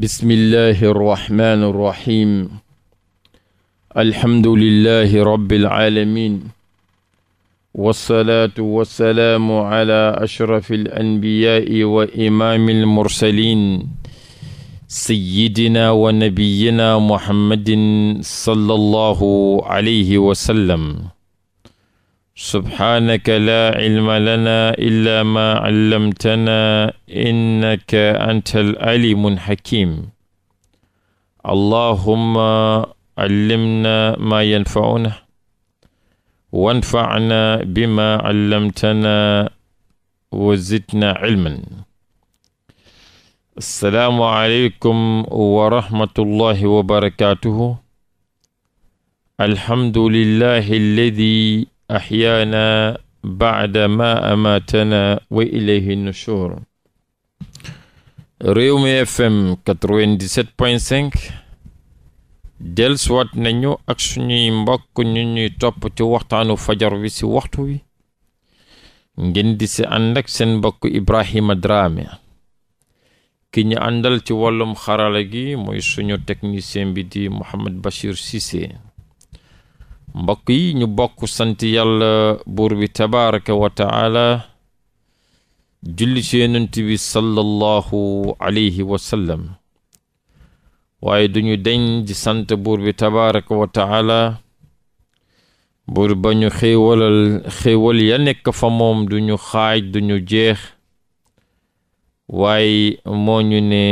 bismillahi arrahmani irrahim alhamdulillahi rabbil alamin wassalaatu wassalaamu ala ashrafi alanbiyaai wa imaami almursalin sayyidina wa nabiyina muhammadin sallallahu alayhi wa sallam subhaanaka laa cilma lanaa illaa maa callamtanaa innaka anta al-aliimu al-hakiim allahumma callimnaa maa yanfacunaa wanfacnaa bimaa callamtanaa wa zidnaa cilman asalaamu aleykum wa rahmatullahi wa barakaatuhu alhamdulillahi alladi axyaana baadama ma amatana wa ilayhi nushur réew mi fm 97.5 nañu ak suñuy mbokk ñu ñuy topp ci waxtaanu fajar wi ci waxtu wi ngeen di ci ànd seen mbokk Ibrahima Drame ki ñu àndal ci wàllum xarala gi mooy suñu technicien bi di Mouhamed Bachir Cissé mbokk yi ñu bokk sant yàlla buur bi tabaraka wa taala julli ci yonent sallallahu alayhi wa waaye duñu deñ di sant buur bi tabaraka wa taala buur ba ñu xéewalal xéewal ya nekk fa moom duñu xaaj duñu jeex waaye moo ñu ne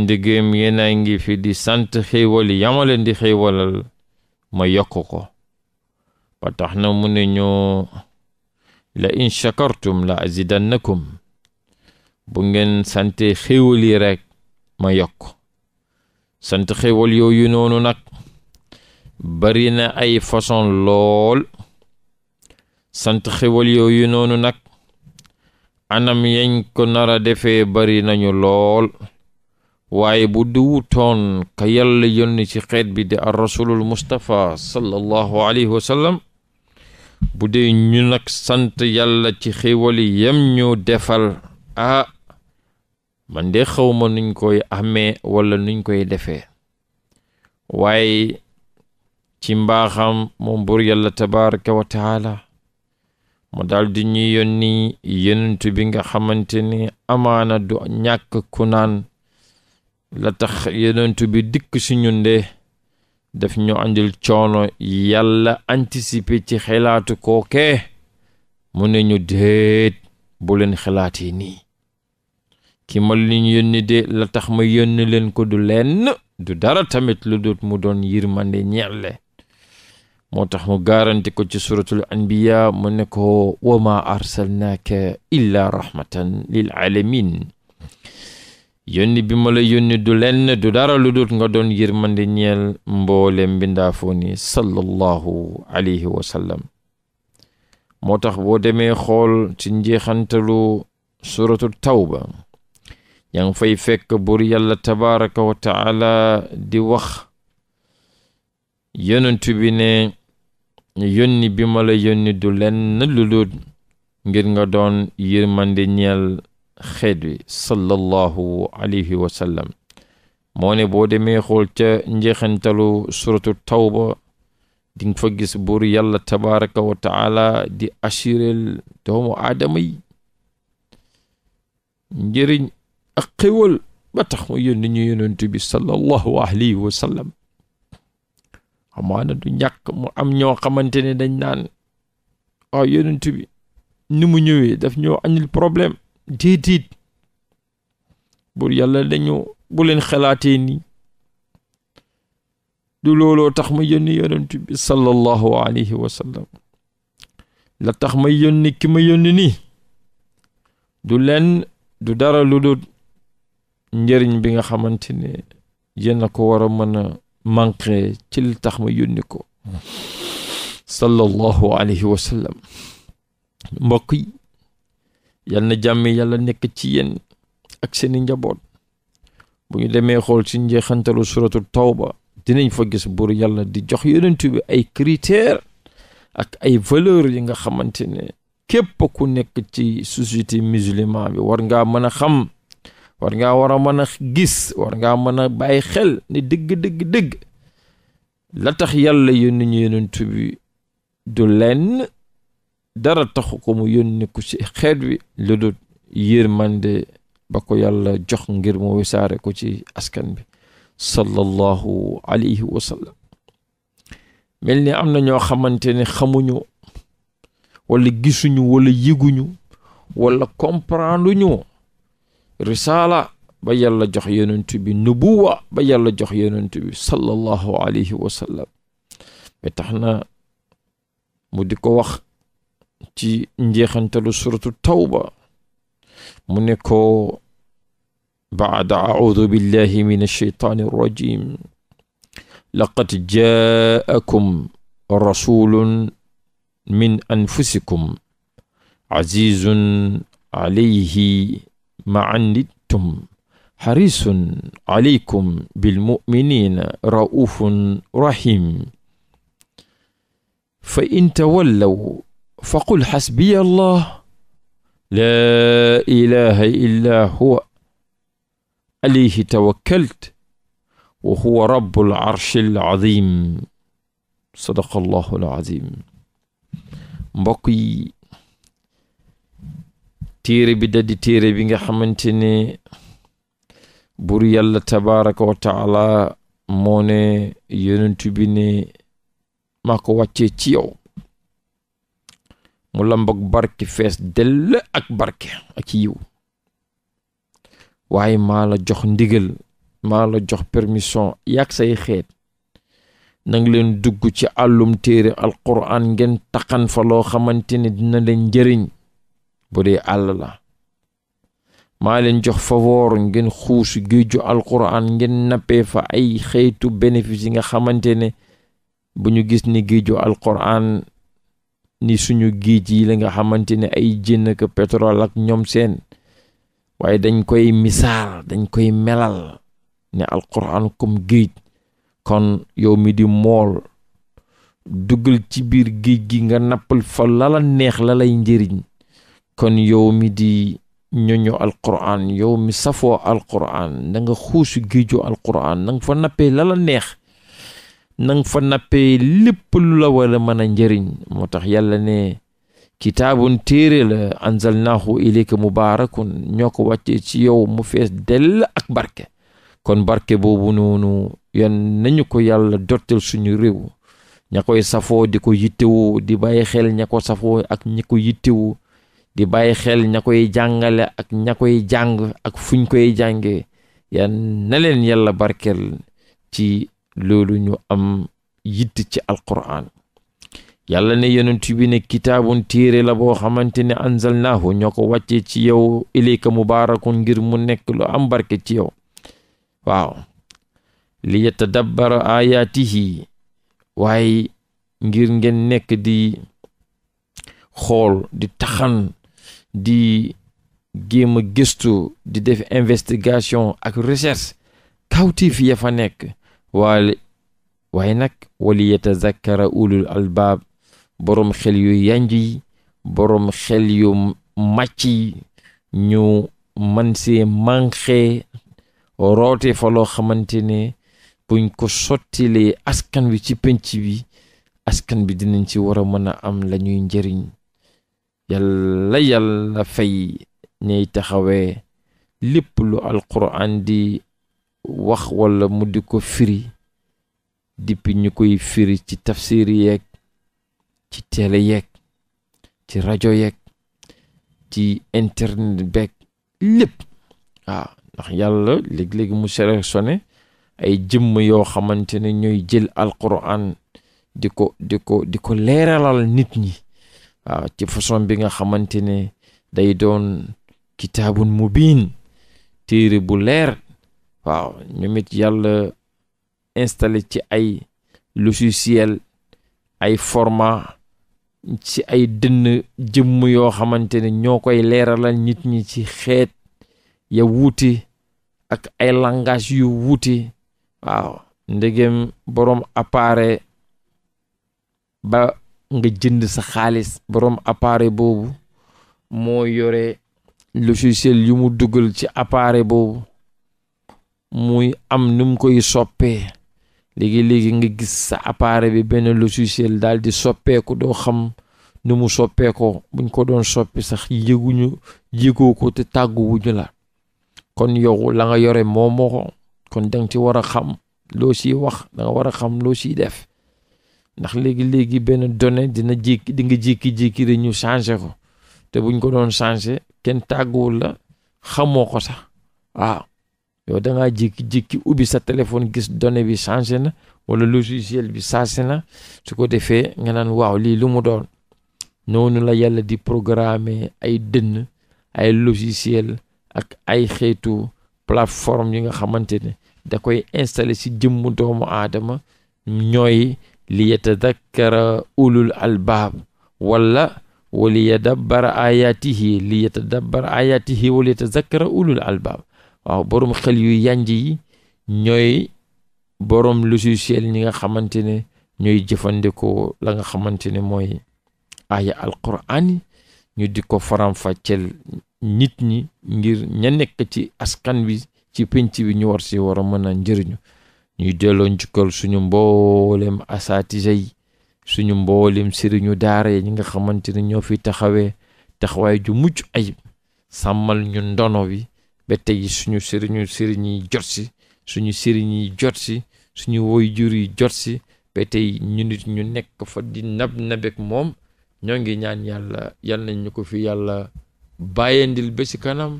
ndegem yéena ngi fi di sant xéewal yamale di xéewalal ma yokk ko ba tax na mu ne ñoo la in shakartum la azidannakum bu ngeen sante xéewal yi rekk ma yokk sant xéewal yu noonu nag bari na ay façon lool sant xéewal yu noonu nag anam yañ ko nara defee bari nañu lool waaye bu duwutoon ka yàlla yónni ci xeet bi di ar rasulul mustapha sallallahu alayhi wa bu dee ñu nag sant yàlla ci xéwali yem ñu defal ah man de xawma nuñ koy amee wala nuñ koy defee waaye ci mbaaxam moom buur yàlla tabaraka wa taala mu daal di ñuy bi nga xamante ni amaana du ñàkk ku la tax yenentu bi dikk si ñun de daf ñu andil coono yàlla anticiper ci xelaatu kookee mu ne ñu déet bu leen xelaatee nii ki ma li ñu yónni de la tax ma yónni leen ko du lenn du dara tamit lu dut mu doon yërmande ñeexle moo tax mu garanti ko ci suratul anbiya mu ne ko wa ma arsalnaaka illa rahmatan lil alamin yónni bi ma la yónni du lenn du dara lu dut nga doon yërmande ñeel mboolem mbindaafoo ni sallallahu alayhi wa sallam moo tax boo demee xool ci njeexantalu suratu tawba yaa ngi fay fekk buur yàlla tabaraka wa di wax yonentu bi yónni bi ma la yónni du lenn lu ngir nga doon yërmande ñeel xeet wi sallallahu alayhi wa sallam moo ne boo demee xool ca njeexantalu suratu tawba di nga fa gis buur yàlla tabaraka wa di assurel doomu aadama yi njëriñ ak xéwal ba tax mu yónni ñu yonent sallallahu alayhi wa sallam amaana du ñàkk mu am ñoo xamante dañ naan waaw yonent bi mu ñëwee daf ñoo añil problème déedéet buur yàlla dañu bu leen xalaatee nii du looloo tax ma yónni yonent bi sallallahu alayhi wa la tax ma yónni ki ma yónni nii du leen du dara lu dul njëriñ bi nga xamante ne yéen a ko war a mën a manqué cil tax ma yónni ko sallallahu alayhi wa sallam yi yal na jàmm yàlla nekk ci yéen ak seeni njaboot bu ñu demee xool ci njeexantalu suratul tawba dinañ fa gis buur yàlla di jox yonent bi ay critères ak ay valeur yi nga xamante ne képp ku nekk ci société musulman bi war ngaa mën a xam war ngaa war a mën a gis war ngaa mën a bàyyi xel ne dëgg dëgg dëgg la tax yàlla yónni ñu yonent bi du lenn dara tax ko mu yónni ku ci xeet wi lu yér yërmande ba ko yàlla jox ngir mu wisaare ko ci askan bi sallallahu alayhi wa sallam mel ni am na ñoo xamante ne xamuñu wala gisuñu wala yëguñu wala comprendre ñu risaala ba yàlla jox yonent bi nubuwa ba yàlla jox yonent bi sallallahu alayhi wa sallam tax na mu di ko wax ci njeexantalu suratu tawba mu ne ko baada audu billahi min alsheytaani arrajim laqad jaakum rasulun min anfusikum azizun alayhi ma anittum xarisun alaykum bilmuminina raufun rahim fa in tawallaw faqul xasbiya allah laa ilaha illa huwa alayhi tawakkalt wa huwa rabbul arshil azim sadaqallahu al azim mbokk yi téere bi da di téere bi nga xamante ne buur yàlla tabaraka wa taala moo ne yonentu bi ne maa ko wàccee ci yow mu lambak barke fees dell ak barke ak ci yiw waaye maa la jox ndigal maa la jox permission yàgg say xeet nang leen dugg ci àllum téere alquran ngeen taqan loo xamante ne dina leen njëriñ bu dee àll la maa leen jox favor ngeen xuus géeju alquran ngeen nappee fa ay xeetu bénéfice yi nga xamante ne bu ñu gis ni géeju alquran ni suñu géej yi la nga xamante ne ay jën ak pétrole ak ñoom seen waaye dañ koy misaal dañ koy melal ne alquran comme géej kon yow mi di mool duggal ci biir géej gi nga nappal fa lala neex la njëriñ kon yow mi di ñoño alquran yow mi safoo alquran da nga xuusu géejoo alquran da fa nappee lala neex na nga fa nappee lépp lu la war a mën a njariñ moo tax yàlla ne kitaabun téere la anzalnaahu ilayka mubaarakun ñoo ko wàccee ci yow mu fees dell ak barke kon barke boobu noonu yan nañu ko yàlla dottel suñu réew ña koy safoo di ko yittewoo di bàyyi xel ña ko safoo ak ñi ko yittewoo di bàyyi xel ña koy jàngale ak ña koy jàng ak fuñ koy jàngee yan na yàlla barkel ci loolu ñu am yitt ci alquraan yàlla na yonent bi ne kitaabun téere la boo xamante ne anzalnaahu ñoo ko wàccee ci yow ilayka mubaarakun ngir mu nekk lu am barke ci yow waaw li yatadabbara ayaatihi waaye ngir ngeen nekk di xool di taxan di géem a gëstu di def investigation ak recherche kawti fi ya fa nekk waale waaye nag wali yatazakkara ulul albaab boroom xel yu yanj yi boroom xel yu màcc yi ñu man si manxee roote fa loo xamante ne buñ ko sottilee askan wi ci penc bi askan bi dinañ ci war a mën a am lañuy ñuy njëriñ yàlla yàlla fay ñay taxawee lépp lu alquran di wax walla mu di ko firi dippi ñu koy firi ci tafsir yeeg ci télé yeeg ci rajo yeeg ci internet beeg lépp waaw ndax yàlla léeg-léegi mu sélectionné ay jëmm yoo xamante ne ñooy jël alquran di ko di ko di ko leeralal nit ñi waaw ci façon bi nga xamante ne day doon mu biin téere bu leer waaw ñoom yàlla installé ci ay logiciel ay format ci ay dënn jëmm yoo xamante ne ñoo koy leeralal nit ñi ci xeet ya wuute ak ay langage yu wuute waaw ndegem boroom appareil ba nga jënd sa xaalis boroom appareil boobu moo yore logiciel yu mu dugal ci appareil boobu muy am num koy soppee léegi-léegi nga gis sa appareil bi benn logiciel daal di soppeeku doo xam nu mu soppeekoo buñ ko doon soppi sax yëguñu yëgoo ko te tàgguwuñu la kon yow la nga yore moomoo ko kon danga ci war a xam loo siy wax da war a xam loo si def ndax léegi-léegi benn donnée dina jékki di nga jékki-jékki rek ñu changé ko te buñ ko doon changé kenn tàgguwul la xamoo ko sax waaw yow da ngaa jékki-jékki ubbi sa téléphone gis données bi changé na wala logiciel bi changé na su ko defee nga naan waaw lii lu mu doon noonu la yàlla di programmer ay dënn ay logiciel ak ay xeetu plateforme yi nga xamante ne da koy installé ci jëmmu doomu aadama ñooy li yatadakkara ulul albaab wala wali yadabbara ayatihi li yatadabbara ayatihi wali yatadakkara ulul albaab waaw borom xel yu yànj yi ñooy borom logiciel ñi nga xamante ne ñooy jëfandikoo la nga xamante ne mooy aaya alquran yi ñu di ko faram-fàcceel nit ñi ngir ña nekk ci askan bi ci pinc bi ñu war si war a mën a njëriñu ñuy delloo njukkal suñu mboolem asaatise yi suñu mboolem sëriñu daara yi ñi nga xamante ne ñoo fi taxawee taxawaay ju mujj ayib sàmmal ñu ndono bi ba tey suñu sëriñu sëriñ yi jot si suñu sëriñ yi jot si suñu woy jur yi jot si ba tey ñu nit ñu nekk fa di nab nabeek moom ñoo ngi ñaan yàlla yal nañ ñu ko fi yàlla ndil ba si kanam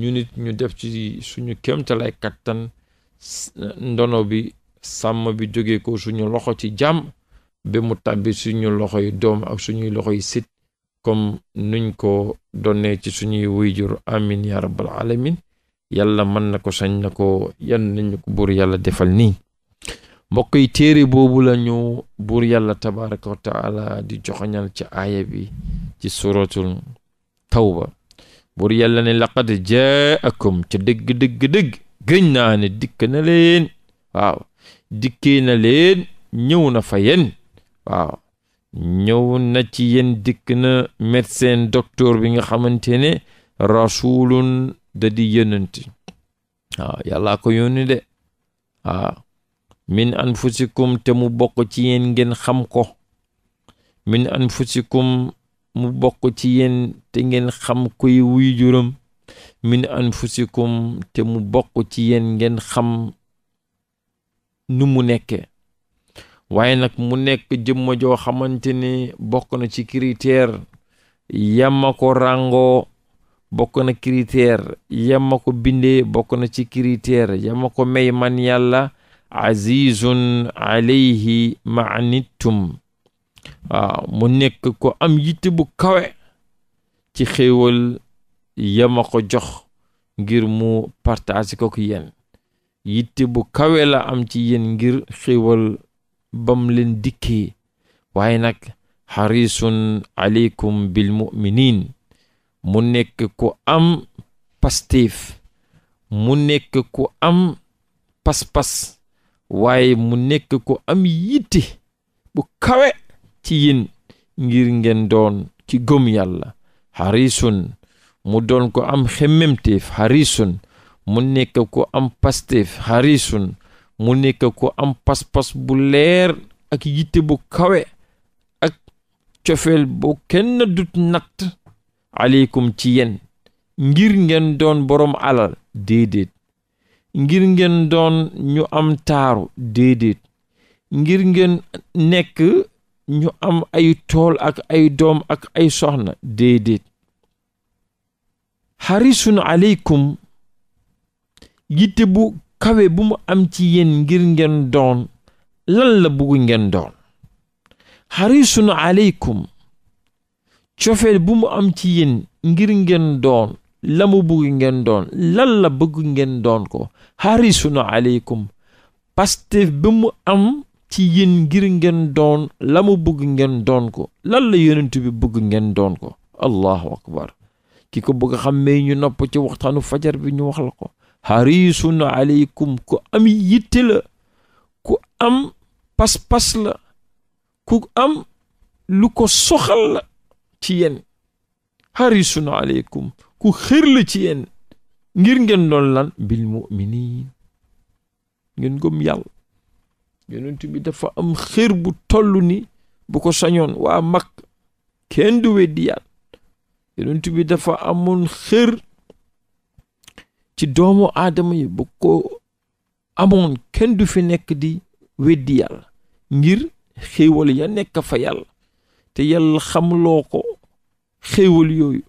ñu nit ñu def ci suñu kéemtalaay kattan ndono bi sàmm bi jóge ko suñu loxo ci jàmm ba mu tàbbi suñu loxo yi doom ak suñuy loxo yi sit comme nuñ ko donnee ci suñuy woyjur amin ya rabbal alamin yàlla mën na ko sañ na ko yan nañu ko buur yàlla defal nii mbokk yi téere boobu la ñu buur yàlla tabaraka wa di joxoñal ci aaya bi ci suratul tawba buur yàlla ne laqad jaakum ca dëgg dëgg dëgg gëñ naa ne dikk na leen waaw dikkee na leen ñëw na fa yéen waaw ñëw na ci yéen dikk na médecin docteur bi nga xamante ne rasulun da di yonenti waaw ah, yàllaa ko yónni de waaw ah, min anfusikum te mu bokk ci yéen ngeen xam ko min anfusikum mu bokk ci yen te ngeen xam koy wuy juróom min anfusikum te mu bokk ci yéen ngeen xam nu mu nekke waaye nag mu nekk jëmma joo xamante ne bokk na ci critère yama ko ràngoo bokk na critère yama ko bindee bokk na ci critère yama ko may man yàlla azizun alayhi maanittum waaw mu nekk ko am yitte bu kawe ci xéewal yama ko jox ngir mu partage ko ku yéen yitte bu kawe la am ci yéen ngir xéewal bam leen dikkee waaye nag xarisun aleykum bil muminin mu nekk ko am pastéef mu nekk ku am pas waaye mu nekk ko am yitte bu kawe ci yéen ngir ngeen doon ci gom yàlla harisun mu doon ko am xemmemteef harisun mu nekk ko am pastéef harisun mu nekk ko am paspas bu leer ak yitte bu kawe ak cofeel bu kenn dut natt aleykum ci yéen ngir ngeen doon boroom alal déedéet ngir ngeen doon ñu am taaru déedéet ngir ngeen nekk ñu am ay tool ak ay doom ak ay soxna déedéet xarisun kawe bu am ci yéen ngir ngeen doon lan la bugg ngeen doon xarisun aleykum cofeel bu mu am ci yéen ngir ngeen doon la mu bëgg ngeen doon lan la bëgg ngeen doon ko xarisuna aleykum Pastef bi mu am ci yéen ngir ngeen doon la mu bëgg ngeen doon ko lan la yonent bi bëgg ngeen doon ko allahu akbar ki ko bëgg xam may ñu nopp ci waxtaanu fajar bi ñu wax la ko xarisun aleykum ku am yitte la ku am pas-pas la ku am lu ko soxal la ci yéen harisun aleykum ku xër la ci yéen ngir ngeen doon lan bil muminin ngeen gëm yàlla yonent bi dafa am xër bu toll ni bu ko sañoon waa mag kenn du weddi yàlla yonent bi dafa amoon xër ci doomu aadama yi bu ko amoon kenn du fi nekk di weddi yàlla ngir xéewal ya nekk fa yàlla te yàlla xamloo ko xéewal yooyu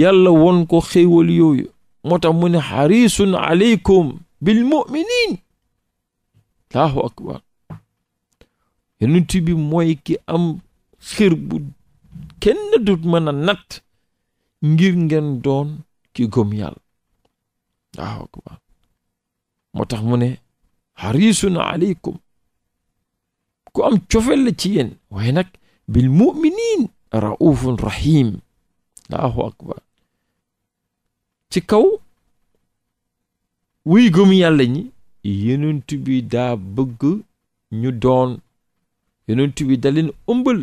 yàlla won ko xéewal yooyu moo tax mu ne xarisun aleykum bil muminin allahu akbar yonent bi mooy ki am xir bu kenn dut mën a natt ngir ngeen doon ki gëm yàlla allahu akbar moo tax mu ne xarisun aleykum ku am cofel la ci yéen waaye bil muminin raufun rahim allahu akbar ci kaw wuy gëm yàlla ñi yonent bi daa bëgg ñu doon yonent bi da leen ëmbal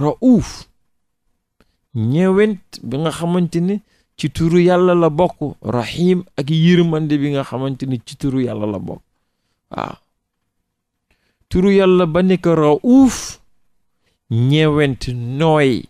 rauf ñeewent bi nga xamante ne ci turu yàlla la bokk rahim ak yërmande bi nga xamante ne ci turu yàlla la bokk waaw turu yàlla ba nekk rauf ñeewent nooy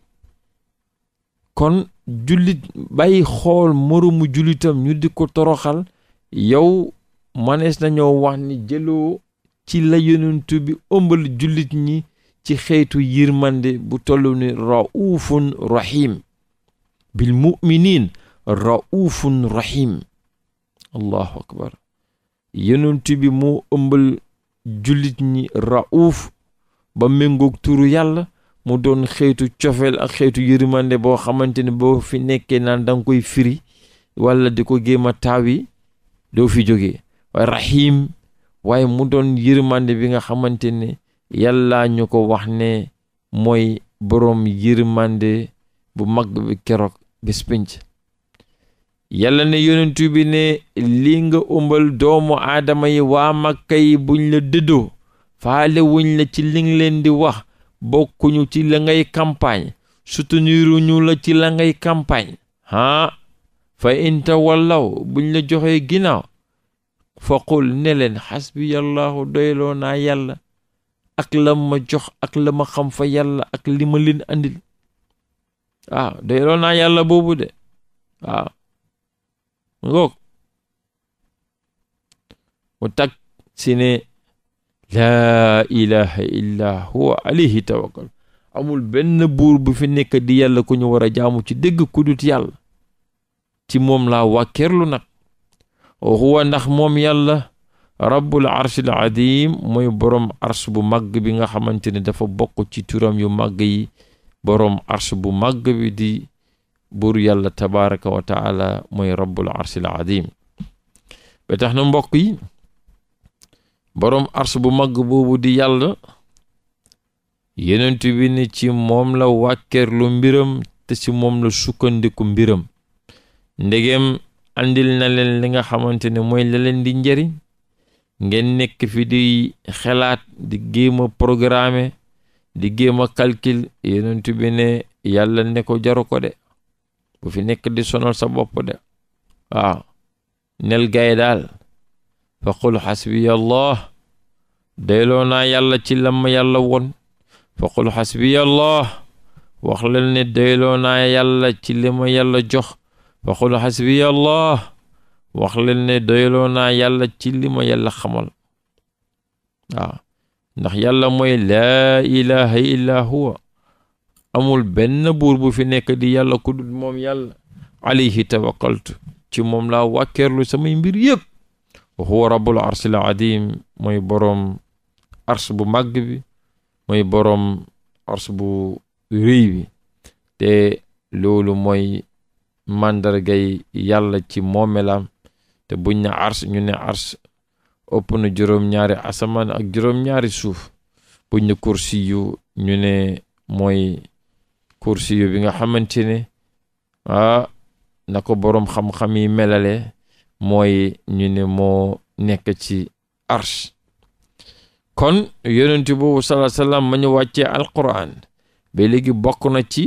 kon jullit bàyyi xool moromu jullitam ñu di ko toroxal yow manees nañoo wax ni jëloo ci la yonentu bi ëmbal jullit ñi ci xeetu yirmande bu tollu ni raufun rahim bil muminin raufun rahim allahu akbar yonentu bi moo ëmbal jullit ñi rauf ba méngoog turu yàlla mu doon xeetu cofeel ak xeetu yërmande boo xamante ne boo fi nekkee naan danga koy firi walla di ko géem a taawi doo fi jógee waaye rahim waaye mu doon yërmande bi nga xamante ne yàlla ñu ko wax ne mooy boroom yërmande bu mag bi keroog bés pénc yàlla ne yonentu bi ne li nga umbal doomu aadama yi waa makka yi buñ la dëddoo faale wuñ la ci li leen di wax bokkuñu ci la ngay campagne sutuniruñu la ci la ngay campagne ah fa inta wallaw buñ la joxee ginnaaw faqul ne leen xasbiyallahu doyloo naa yàlla ak la ma jox ak la ma xam fa yàlla ak li ma leen andil waaw doyloo naa yàlla boobu de waaw ngoog mu tag si ne laa ilaha illaa huwa alayhi tawakkal amul benn buur bu fi nekk di yàlla ku ñu war a jaamu ci dégg ku dut yàlla moom laa wàkkeerlu nag huwa ndax moom yàlla rabbul arshil adim mooy boroom arsh bu màgg bi nga xamante ne dafa bokk ci turam yu màgg yi boroom arsh bu màgg bi di buur yàlla tabaraka wa taala mooy rabbul arshil adim ba tax mbokk yi boroom ars bu mag boobu di yàlla yenent bi ne ci moom la wàkkeerlu mbiram te ci moom la sukkandiku mbiram ndegem andil na leen li nga xamante ne mooy la leen di njariñ ngeen nekk fi di xelaat di géem a di géem a calcul yenent bi ne yàlla ne ko jaru ko de bu fi nekk di sonal sa bopp de waaw nel gaay daal fa qul xasbiyallah deeloo naa yàlla ci la yàlla won fa qul xasbiyallah wax leen ne deeloo naa yàlla ci li yàlla jox fa qul xasbiyallah wax leen ne deeloo naa yàlla ci li ma xamal waaw ndax yàlla mooy laa ilaha illa huwa amul benn buur bu fi nekk di yàlla ku dul moom yàlla alayhi tawakkaltu ci moom laa wàkkeerlu samay mbir yëpp wa huwa rabbul arshil adim mooy boroom arsh bu màgg bi mooy boroom arsh bu rëy bi te loolu mooy màndargay yàlla ci moomelam te buñ na arsh ñu ne arsh ëpp na juróom-ñaari asamaan ak juróom-ñaari suuf buñ ne kursi yu mooy kursi bi nga xamante ne ah na ko boroom xam-xam yi melale mooy ñu ne moo nekk ci arsh kon yonent boobu salaa salaam ma ñu wàccee alquran bi léegi bokk na ci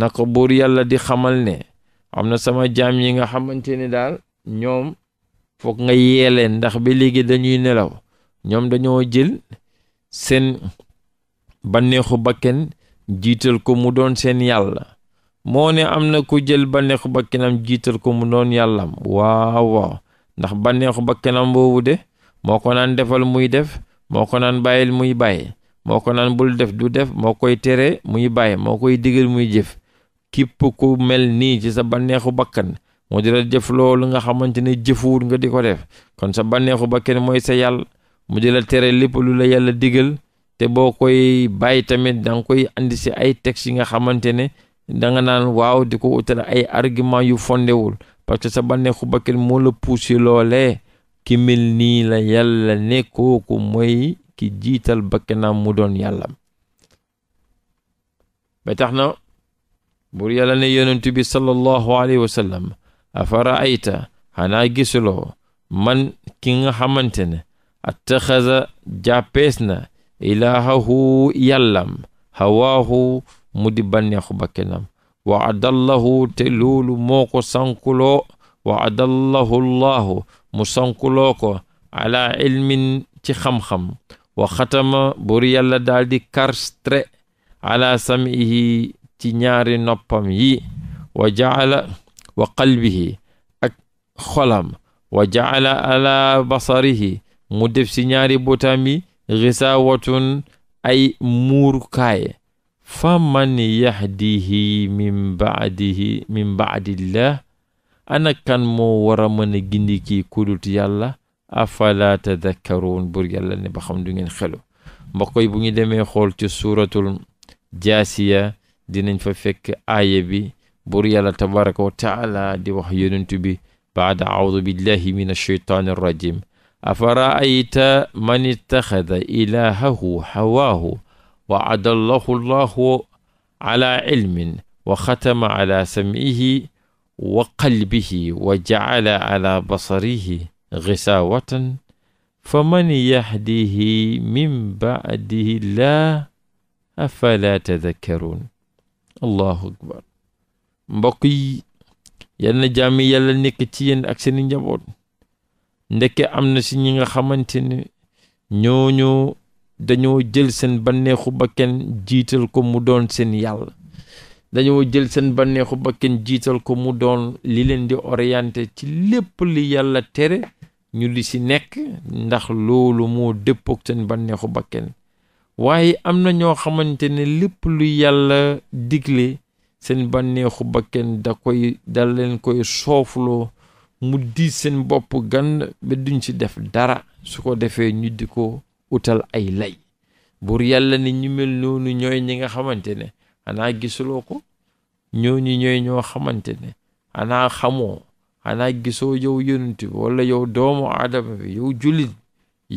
naka buur yàlla di xamal ne am na sama jaam yi nga xamante ne daal ñoom foog nga yeeleen ndax bi léegi dañuy nelaw ñoom dañoo jël seen banneexu bakken jiital ko mu doon seen yàlla moo ne am na ku jël bànneexu bakkanam jiital ko mu doon yàllam waaw waaw ndax bànneexu bakkanam boobu de moo ko naan defal muy def moo ko naan bàyyil muy bàyyi moo ko naan bul def du def moo koy tere muy bàyyi moo koy digal muy jëf képp ku mel nii ci sa bànneexu bakkan moo di la jëf nga xamante ne jëfuwul nga di ko def kon sa bànneexu bakkan mooy sa yàlla mu di la tere lépp lu la yàlla digal te boo koy bàyyi tamit danga koy indi si ay textes yi nga xamante ne da naan waaw di ko utal ay argument yu fondewul parce que sa bànneexu bakkan moo la poussé loolee ki nii la yàlla ne kooku mooy ki jiital bakkanam mu doon yàlla ba tax na buur yàlla ne yonent bi sallallahu alayhi wa sallam afara ayta xanaa gisuloo man ki nga xamante ne attaxasa jàppees na ilaahahu yàllam hawaahu mu di banneexu bakkenam wa adallahu te loolu moo ko sankuloo wa adallahu llahu mu sankuloo ko ala ilmin ci xam-xam wa xatama bur yàlla daal di karstre ala samihi ci ñaari noppam yi wa jaala wa qalbihi ak xolam wa jaala ala basarihi mu def ci ñaari botam yi xisaawatun ay muurukaay faman yahdihi min baadihi baadillah ana kan moo war a mën a gindi kii kudut yàlla afala tadakkaruun ba xam du ngeen xelu mbokk yi bu ñu demee xool ci suuratul jaasiya dinañ fa fekk aaya bi bur yàlla tabaraka wa taala di wax yonent bi baada audu billahi min alsheytaani arrajim afa raayta man ittaxada ilahahu hawaahu waadallahu llahu ala ilmin wa xatama ala samihi wa qalbihi wa jacala ala basarihi xisaawatan faman yahdihi min bacdihi llah afala tadakkaruun allahu akbar mbokk yi yal na jàmmi yàlla nekk ci yéen ak seeni njaboot ndekke am na si ñi nga xamante ne dañoo jël seen banneexu ba kenn jiital ko mu doon seen yàlla dañoo jël seen bànneexu bakken jiital ko mu doon li leen di orienté ci lépp li yàlla tere ñu di si nekk ndax loolu moo dëppook seen bànneexu bakken waaye am na ñoo xamante ne lépp lu yàlla digle seen bànneexu bakken da koy da leen koy soofloo mu di seen bopp gan ba duñ ci def dara su ko defee ñu di ko utal ay lay buur yàlla ne ñu mel noonu ñooy ñi nga xamante ne xanaa gisuloo ko ñooñu ñooy ñoo xamante ne xanaa xamoo xanaa gisoo yow yonent bi wala yow doomu aadama bi yow jullit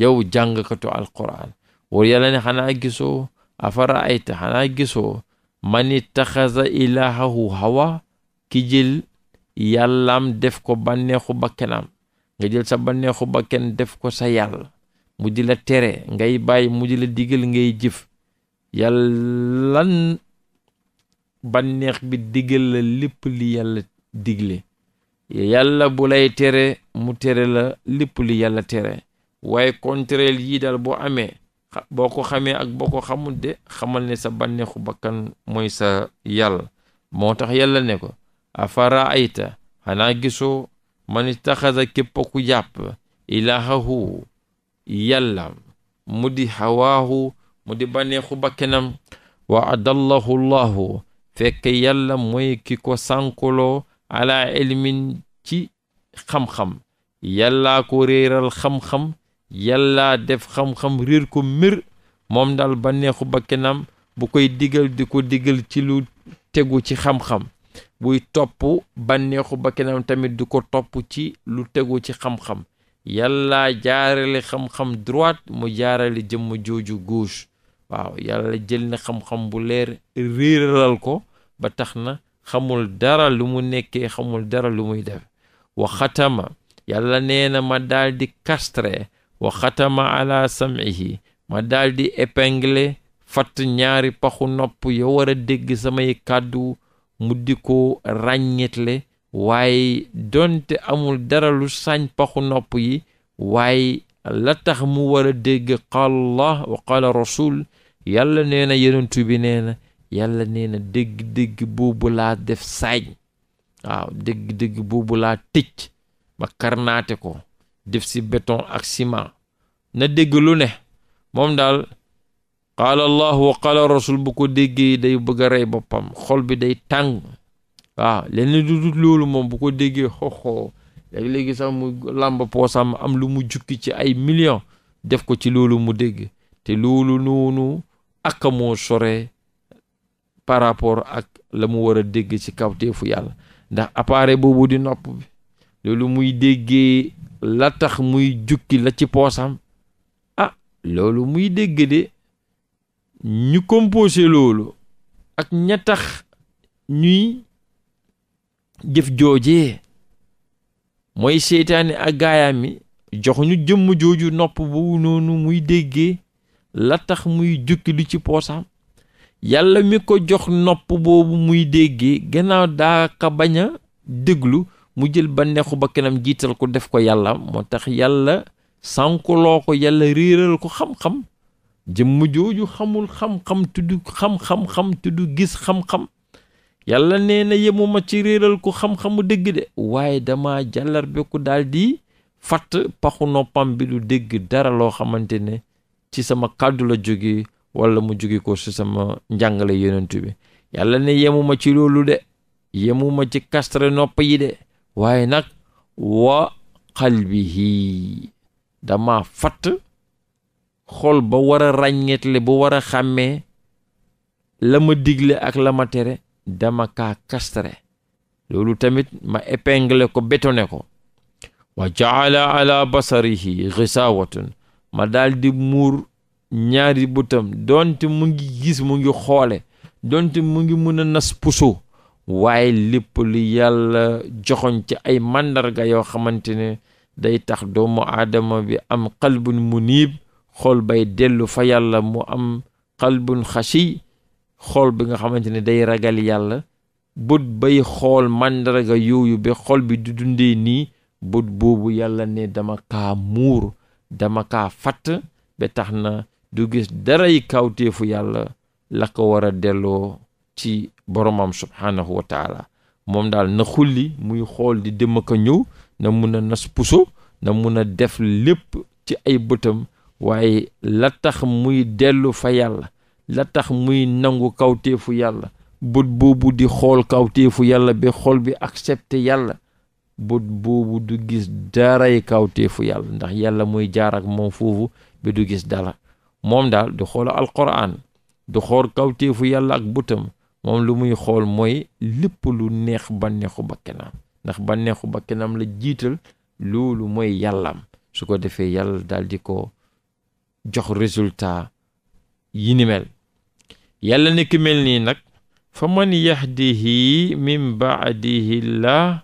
yow jàngkatu alquran buur yàlla ne xanaa gisoo afara ayta xanaa gisoo man ittaxaza ilaahahu hawa ki jël yàllaam def ko bànneexu bakkenam nga jël sa bànneexu bakken def ko sa yàlla mu di la tere ngay bàyyi mu di la digal ngay jif yàlla banneex bi digal la lépp li yàlla digle yàlla bu lay tere mu tere la lépp li yàlla tere waaye contraire yii daal boo amee boo ko xamee ak boo ko xamul de xamal ne sa banneexu bakkan mooy sa yàlla moo tax yàlla ne ko afara ayta xanaa gisoo man ittaxasa képp ku jàpp ilaahahu yàlla mu di hawaahu mu di baneexu bakkenam wa adallahu fekk yàlla mooy ki ko sànkuloo ala ilmin ci xam-xam yàllaa ko réeral xam-xam yàllaa def xam-xam réer ko mbir moom daal baneexu bakkenam bu koy digal di ko diggal ci lu tegu ci xam-xam buy topp bànneexu bakkenam tamit di ko topp ci lu tegu ci xam-xam yàlla jaarale xam-xam droite mu jaarale jëmm jooju gauche waaw yàlla jël na xam-xam bu leer réeralal ko ba tax na xamul dara lu mu nekkee xamul dara lu muy def wa xatama yàlla nee na ma daldi kastre castre wa ala sam'ihi ma daldi di épingle fatt ñaari paxu nopp ya war a dégg samay kàddu mu di ko ràññetle waaye donte amul dara lu sañ paxu nopp yi waaye la tax mu war a dégg qaala allah wa qaala rasul yàlla neena na bi nee na yàlla nee na dégg-dégg boobu laa def sañ waaw dégg-dégg boobu laa tëj ba karnaate ko def si béton ak ciment na dégg lu ne moom daal qaala allah wa qaala rasul bu ko déggee day bëgg a rey boppam xol bi day tàng waaw ah, leneen du dut loolu moom bu ko déggee xoxoo léegi-léegi sax mu làmb poosam am lu mu jukki ci ay millions def ko ci loolu mu dégg te loolu noonu ak moo sore par rapport ak la mu war a dégg ci kawteefu yàlla ndax appareil boobu di nopp bi loolu muy déggee la tax muy jukki la ci poosam ah loolu muy dégg de ñu composé loolu ak ña tax ñuy jëf joojee mooy seytaane ak gaayaam mi joxuñu jëmm jooju nopp bu noonu muy déggee la tax muy jukki lu ci poosam yàlla mi ko jox nopp boobu muy déggee gannaaw daa ka bañ a déglu mu jël ba bakkanam jiital ko def ko yàlla moo tax yàlla sànkuloo ko yàlla riiral ko xam-xam jëmm jooju xamul xam-xam tudd xam xam tudd gis xam-xam yàlla nee na yemuma ci réeral ku xam-xamu dégg de waaye dama jàllar dal di fatt paxu noppam bi du dégg dara loo xamante ne ci sama kàddu la jóge walla mu jóge ko ci sama njàngale yonentu bi yàlla ne yemuma ci loolu de yemuma ci kastre nopp yi de waaye nag wa qalbihi dama fatt xol ba war a ràññeetle bu war a xàmmee la ma digle ak la ma tere dama kaa kastre loolu tamit ma épingle ko betone ko wa jaala ala basarihi gisawatun ma daal di muur ñaari butam donte mu ngi gis mu ngi xoole donte mu ngi mun a nas puso waaye lépp lu yàlla joxoñ ci ay màndarga yoo xamante ne day tax doomu aadama bi am xalbun muniib xol bay dellu fa yàlla mu am xalbun xasi xool bi nga xamante ne day ragal yàlla bët bay xool màndarga yooyu ba xool bi du dundee nii bët boobu yàlla ne dama kaa muur dama kaa fatt ba tax na du gis daray kawteefu yàlla la ko war a delloo ci boromam subhaanahu wa moom daal na xulli muy xool di dem ak a ñëw na mun a nas puso na mun a def lépp ci ay bëtam waaye la tax muy dellu fa yàlla la tax muy nangu kawteefu yàlla bët boobu di xool kawteefu yàlla bi xool bi accepté yàlla bët boobu du gis daray kawteefu yàlla ndax yàlla muy jaar ak moom foofu bi du gis dara moom daal du xool alquran du xool kawteefu yàlla ak butam moom lu muy xool mooy lépp lu neex bànneexu bakkanam ndax bànneexu bakkanam la jiital loolu mooy yàllaam su ko defee yàlla daal di ko jox résultat yi yàlla ne mel nii nag fa man yahdihi min baadihillah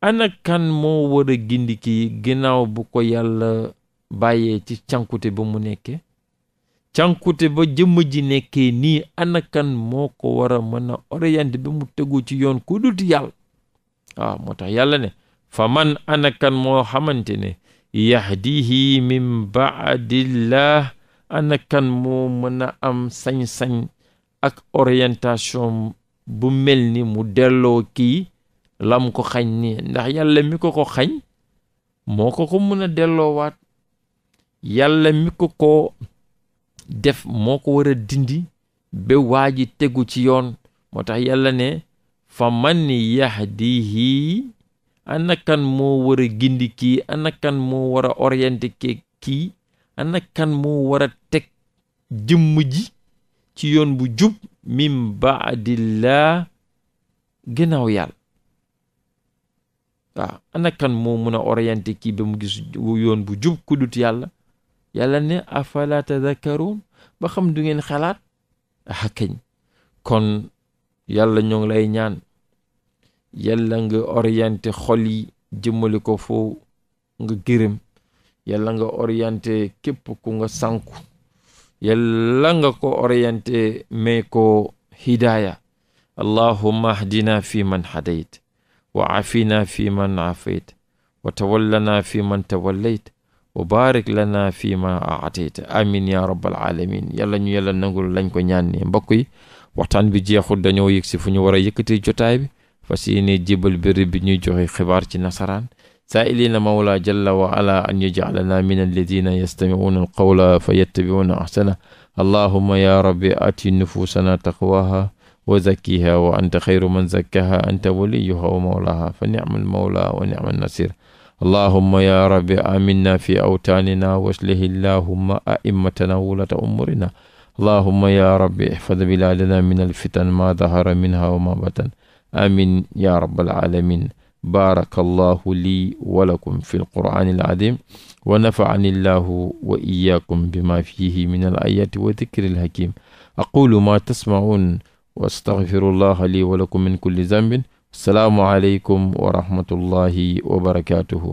ana kan moo war a gindi ki ginnaaw bu ko yàlla bàyyee ci cànkute ba mu nekkee cànkute ba jëmm ji nekkee nii ana moo ko war a mën a mu tegu ci yoon ku yàlla waaw ah, moo tax yàlla ne fa man ana moo xamante ne yahdihi min ana kan moo mën a am sañ-sañ ak orientation bu mel ni mu delloo kii lam ko xañ ni ndax yàlla mi ko ko xañ moo ko ko mën a delloowaat yàlla mi ko ko def moo ko war a dindi be waa ji tegu ci yoon moo tax yàlla ne fa man yahdihi ana kan moo war a gindi kii ana kan moo war a orienté kii ana kan moo war teg jëmm ji ci yoon bu jub min baadillah gannaaw yàlla waaw ana moo mën a orienté kii ba mu gis yoon bu jub ku dut yàlla yàlla ne afala tadakkaroon ba xam du ngeen xalaat ah kañ kon yàlla ñoo ngi lay ñaan yàlla nga orienté xol yi jëmmali ko foo nga gërëm yàlla nga orienté képp ku nga sànku yàlla nga ko orienté may ko hidaaya allahumma ahdina fi man hadayt wa afina fi man afayt wa tawallana fi man tawallayt wa barik lana fi ma aatayt amin ya rabbal alamin yàlla ñu yàlla nangul lañ ko ñaan ne mbokk yi waxtaan bi jeexul dañoo yëg si fu ñu war a yëkkati jotaay bi fas yéene jébal béréb bi ñuy joxe xibaar ci nasaraan saa'iliina mawla jalla wa ala an yaj'alana min alladina yastami'una alqawla fa yattabi'una ahsana allahuma ya rabbi ati nufuusana taqwaha wa zakkiha wa anta xayru man zakkaha anta waliyuha wa mawlaha fa nicma almawla wa nicma alnasir allahuma ya rabbi aminna fi awtaanina waslih illahuma a'immatana wulata umurina allahuma ya rabbi ihfad bilaadana min alfitan ma dahara minha wa ma batan amin ya rabbal alamin baarakallahu lii walakum fi lqur'ani alazim wa nafacani llahu wa iyakum bima fihi min alayati wa dikri alhakim aqulu ma tasmacuun wa astaghfiru llaha lii walakum min kulli zambin assalaamu aleykum wa rahmatullahi wa barakatuhu